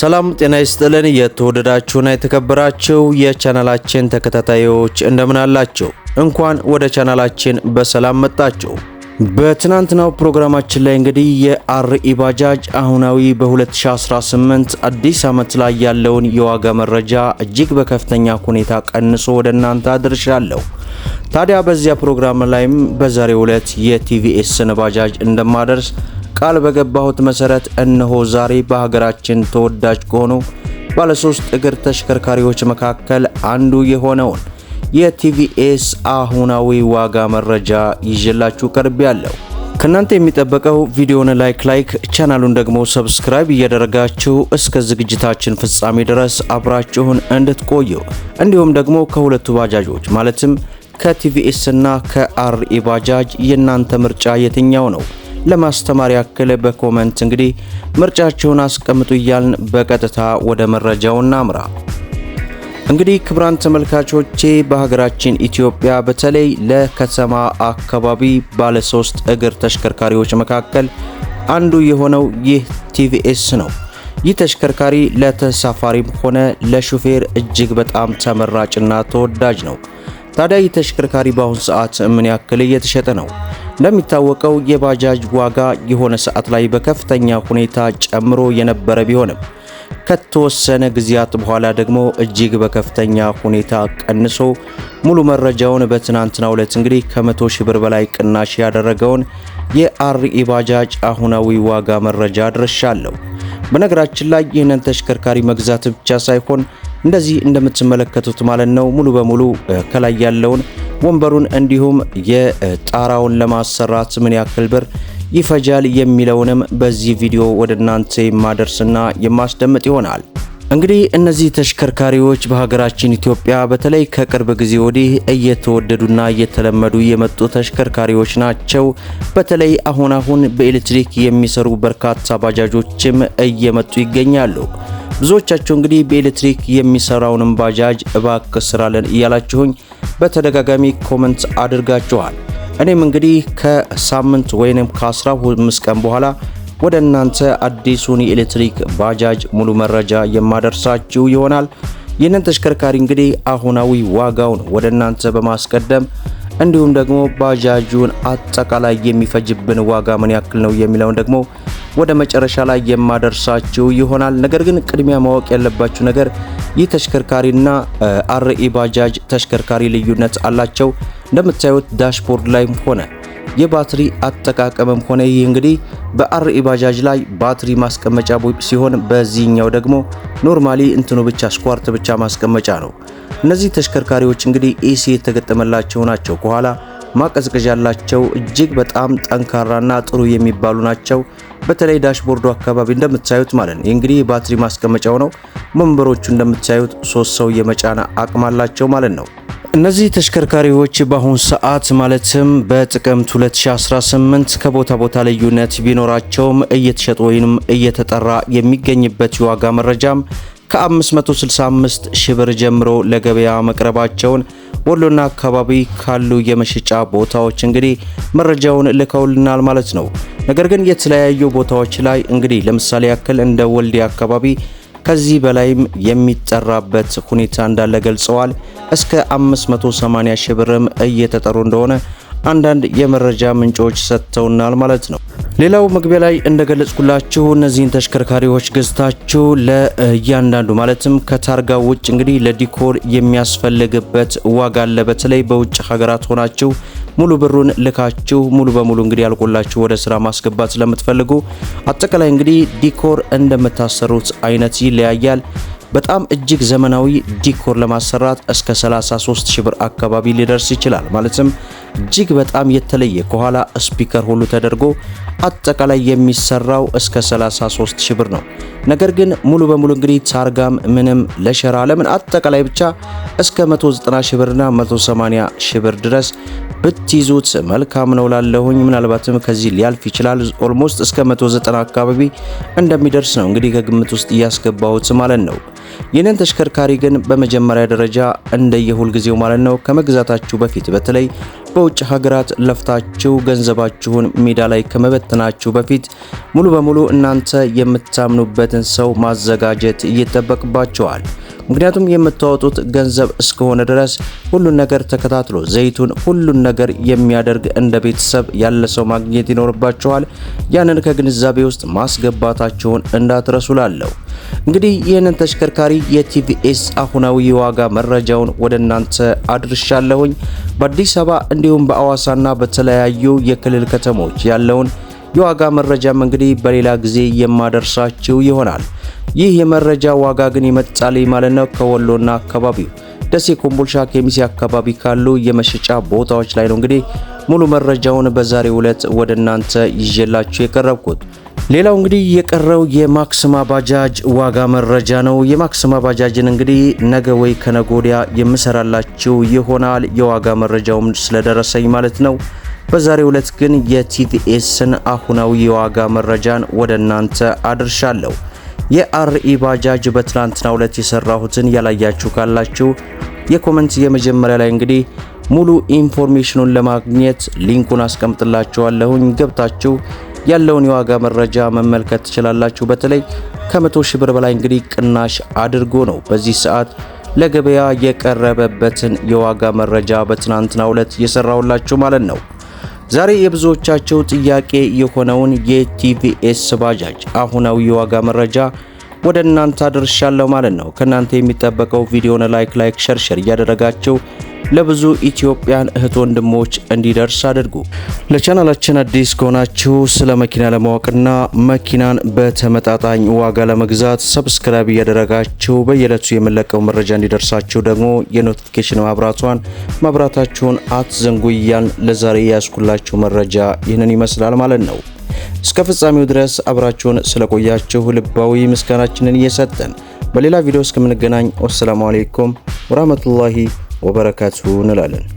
ሰላም ጤና ይስጥልን። የተወደዳችሁና የተከበራችሁ የቻናላችን ተከታታዮች እንደምን አላችሁ? እንኳን ወደ ቻናላችን በሰላም መጣችሁ። በትናንትናው ፕሮግራማችን ላይ እንግዲህ የአርኢ ባጃጅ አሁናዊ በ2018 አዲስ ዓመት ላይ ያለውን የዋጋ መረጃ እጅግ በከፍተኛ ሁኔታ ቀንሶ ወደ እናንተ አድርሻለሁ። ታዲያ በዚያ ፕሮግራም ላይም በዛሬው ዕለት የቲቪኤስን ባጃጅ እንደማደርስ ቃል በገባሁት መሰረት እነሆ ዛሬ በሀገራችን ተወዳጅ ከሆኑ ባለሶስት እግር ተሽከርካሪዎች መካከል አንዱ የሆነውን የቲቪኤስ አሁናዊ ዋጋ መረጃ ይዤላችሁ ቀርብ ያለው ከእናንተ የሚጠበቀው ቪዲዮን ላይክ ላይክ ቻናሉን ደግሞ ሰብስክራይብ እያደረጋችሁ እስከ ዝግጅታችን ፍጻሜ ድረስ አብራችሁን እንድትቆዩ እንዲሁም ደግሞ ከሁለቱ ባጃጆች ማለትም ከቲቪኤስ እና ከአርኢ ባጃጅ የእናንተ ምርጫ የትኛው ነው? ለማስተማር ያክል በኮመንት እንግዲህ ምርጫችሁን አስቀምጡ እያልን በቀጥታ ወደ መረጃው እናምራ። እንግዲህ ክቡራን ተመልካቾቼ በሀገራችን ኢትዮጵያ በተለይ ለከተማ አካባቢ ባለሶስት እግር ተሽከርካሪዎች መካከል አንዱ የሆነው ይህ ቲቪኤስ ነው። ይህ ተሽከርካሪ ለተሳፋሪም ሆነ ለሹፌር እጅግ በጣም ተመራጭና ተወዳጅ ነው። ታዲያ ይህ ተሽከርካሪ በአሁን ሰዓት ምን ያክል እየተሸጠ ነው? እንደሚታወቀው የባጃጅ ዋጋ የሆነ ሰዓት ላይ በከፍተኛ ሁኔታ ጨምሮ የነበረ ቢሆንም ከተወሰነ ጊዜያት በኋላ ደግሞ እጅግ በከፍተኛ ሁኔታ ቀንሶ ሙሉ መረጃውን በትናንትናው ዕለት እንግዲህ ከ100 ሺህ ብር በላይ ቅናሽ ያደረገውን የአርኢ ባጃጅ አሁናዊ ዋጋ መረጃ አድርሻለሁ። በነገራችን ላይ ይህንን ተሽከርካሪ መግዛት ብቻ ሳይሆን እንደዚህ እንደምትመለከቱት ማለት ነው ሙሉ በሙሉ ከላይ ያለውን ወንበሩን እንዲሁም የጣራውን ለማሰራት ምን ያክል ብር ይፈጃል የሚለውንም በዚህ ቪዲዮ ወደ እናንተ የማደርስና የማስደምጥ ይሆናል። እንግዲህ እነዚህ ተሽከርካሪዎች በሀገራችን ኢትዮጵያ በተለይ ከቅርብ ጊዜ ወዲህ እየተወደዱና እየተለመዱ የመጡ ተሽከርካሪዎች ናቸው። በተለይ አሁን አሁን በኤሌክትሪክ የሚሰሩ በርካታ ባጃጆችም እየመጡ ይገኛሉ። ብዙዎቻቸው እንግዲህ በኤሌክትሪክ የሚሰራውንም ባጃጅ እባክ ስራለን እያላችሁኝ በተደጋጋሚ ኮመንት አድርጋችኋል። እኔም እንግዲህ ከሳምንት ወይንም ከ15 ቀን በኋላ ወደ እናንተ አዲሱን የኤሌክትሪክ ባጃጅ ሙሉ መረጃ የማደርሳችሁ ይሆናል። ይህንን ተሽከርካሪ እንግዲህ አሁናዊ ዋጋውን ወደ እናንተ በማስቀደም እንዲሁም ደግሞ ባጃጁን አጠቃላይ የሚፈጅብን ዋጋ ምን ያክል ነው የሚለውን ደግሞ ወደ መጨረሻ ላይ የማደርሳችሁ ይሆናል። ነገር ግን ቅድሚያ ማወቅ ያለባችሁ ነገር ይህ ተሽከርካሪና አርኢ ባጃጅ ተሽከርካሪ ልዩነት አላቸው። እንደምታዩት ዳሽቦርድ ላይም ሆነ የባትሪ አጠቃቀምም ሆነ ይህ እንግዲህ በአርኢ ባጃጅ ላይ ባትሪ ማስቀመጫ ሲሆን በዚህኛው ደግሞ ኖርማሊ እንትኑ ብቻ ስኳርት ብቻ ማስቀመጫ ነው። እነዚህ ተሽከርካሪዎች እንግዲህ ኤሲ የተገጠመላቸው ናቸው። ከኋላ ማቀዝቀዣ ያላቸው እጅግ በጣም ጠንካራና ጥሩ የሚባሉ ናቸው። በተለይ ዳሽቦርዱ አካባቢ እንደምታዩት ማለት ነው እንግዲህ የባትሪ ማስቀመጫው ነው። ወንበሮቹ እንደምታዩት ሶስት ሰው የመጫና አቅም አላቸው ማለት ነው። እነዚህ ተሽከርካሪዎች በአሁኑ ሰዓት ማለትም በጥቅምት 2018 ከቦታ ቦታ ልዩነት ቢኖራቸውም እየተሸጡ ወይም እየተጠራ የሚገኝበት የዋጋ መረጃም ከ565 ሺህ ብር ጀምሮ ለገበያ መቅረባቸውን ወሎና አካባቢ ካሉ የመሸጫ ቦታዎች እንግዲህ መረጃውን ልከውልናል ማለት ነው። ነገር ግን የተለያዩ ቦታዎች ላይ እንግዲህ ለምሳሌ ያክል እንደ ወልዲያ አካባቢ ከዚህ በላይም የሚጠራበት ሁኔታ እንዳለ ገልጸዋል። እስከ 580 ሺህ ብርም እየተጠሩ እንደሆነ አንዳንድ የመረጃ ምንጮች ሰጥተውናል ማለት ነው። ሌላው መግቢያ ላይ እንደገለጽኩላችሁ እነዚህን ተሽከርካሪዎች ገዝታችሁ ለእያንዳንዱ ማለትም ከታርጋ ውጭ እንግዲህ ለዲኮር የሚያስፈልግበት ዋጋ አለ። በተለይ በውጭ ሀገራት ሆናችሁ ሙሉ ብሩን ልካችሁ ሙሉ በሙሉ እንግዲህ ያልቆላችሁ ወደ ስራ ማስገባት ስለምትፈልጉ አጠቃላይ እንግዲህ ዲኮር እንደምታሰሩት አይነት ይለያያል። በጣም እጅግ ዘመናዊ ዲኮር ለማሰራት እስከ 33000 ብር አካባቢ ሊደርስ ይችላል። ማለትም እጅግ በጣም የተለየ ከኋላ ስፒከር ሁሉ ተደርጎ አጠቃላይ የሚሰራው እስከ 33 ሺህ ብር ነው። ነገር ግን ሙሉ በሙሉ እንግዲህ ታርጋም ምንም ለሸራ ለምን አጠቃላይ ብቻ እስከ 190 ሺህ ብርና 180 ሺህ ብር ድረስ ብትይዙት መልካም ነው ላለሁኝ። ምናልባትም ከዚህ ሊያልፍ ይችላል። ኦልሞስት እስከ 190 አካባቢ እንደሚደርስ ነው እንግዲህ ከግምት ውስጥ እያስገባሁት ማለት ነው። ይህንን ተሽከርካሪ ግን በመጀመሪያ ደረጃ እንደየሁል ጊዜው ማለት ነው ከመግዛታችሁ በፊት በተለይ በውጭ ሀገራት ለፍታችሁ ገንዘባችሁን ሜዳ ላይ ከመበተናችሁ በፊት ሙሉ በሙሉ እናንተ የምታምኑበትን ሰው ማዘጋጀት ይጠበቅባቸዋል። ምክንያቱም የምታወጡት ገንዘብ እስከሆነ ድረስ ሁሉን ነገር ተከታትሎ ዘይቱን ሁሉን ነገር የሚያደርግ እንደ ቤተሰብ ያለ ሰው ማግኘት ይኖርባቸዋል ያንን ከግንዛቤ ውስጥ ማስገባታቸውን እንዳትረሱ ላለሁ። እንግዲህ ይህንን ተሽከርካሪ የቲቪኤስ አሁናዊ የዋጋ መረጃውን ወደ እናንተ አድርሻለሁኝ። በአዲስ አበባ እንዲሁም በአዋሳና በተለያዩ የክልል ከተሞች ያለውን የዋጋ መረጃም እንግዲህ በሌላ ጊዜ የማደርሳችሁ ይሆናል። ይህ የመረጃ ዋጋ ግን ይመጣል ማለት ነው። ከወሎና አካባቢው ደሴ፣ ኮምቦልቻ፣ ከሚሴ አካባቢ ካሉ የመሸጫ ቦታዎች ላይ ነው እንግዲህ ሙሉ መረጃውን በዛሬ ዕለት ወደ እናንተ ይዤላችሁ የቀረብኩት። ሌላው እንግዲህ የቀረው የማክስማ ባጃጅ ዋጋ መረጃ ነው። የማክስማ ባጃጅን እንግዲህ ነገ ወይ ከነጎዲያ የምሰራላችሁ ይሆናል የዋጋ መረጃውም ስለደረሰኝ ማለት ነው። በዛሬ ዕለት ግን የቲቪኤስን አሁናዊ የዋጋ መረጃን ወደ እናንተ አድርሻለሁ። የአርኢ ባጃጅ በትናንትና ዕለት የሰራሁትን ያላያችሁ ካላችሁ የኮመንት የመጀመሪያ ላይ እንግዲህ ሙሉ ኢንፎርሜሽኑን ለማግኘት ሊንኩን አስቀምጥላችኋለሁኝ ገብታችሁ ያለውን የዋጋ መረጃ መመልከት ትችላላችሁ። በተለይ ከ100 ሺህ ብር በላይ እንግዲህ ቅናሽ አድርጎ ነው በዚህ ሰዓት ለገበያ የቀረበበትን የዋጋ መረጃ በትናንትናው ዕለት እየሰራሁላችሁ ማለት ነው። ዛሬ የብዙዎቻቸው ጥያቄ የሆነውን የቲቪኤስ ባጃጅ አሁናዊ የዋጋ መረጃ ወደ እናንተ አድርሻለሁ ማለት ነው። ከእናንተ የሚጠበቀው ቪዲዮን ላይክ ላይክ ሸርሸር እያደረጋቸው ለብዙ ኢትዮጵያን እህት ወንድሞች እንዲደርስ አድርጉ። ለቻናላችን አዲስ ከሆናችሁ ስለ መኪና ለማወቅና መኪናን በተመጣጣኝ ዋጋ ለመግዛት ሰብስክራይብ እያደረጋችሁ በየዕለቱ የምንለቀው መረጃ እንዲደርሳችሁ ደግሞ የኖቲፊኬሽን ማብራቷን ማብራታችሁን አትዘንጉ ለዛሬ ያስኩላችሁ መረጃ ይህንን ይመስላል ማለት ነው። እስከ ፍጻሜው ድረስ አብራችሁን ስለቆያችሁ ልባዊ ምስጋናችንን እየሰጠን በሌላ ቪዲዮ እስከምንገናኝ ወሰላሙ አሌይኩም ወራህመቱላሂ ወበረካቱ እንላለን።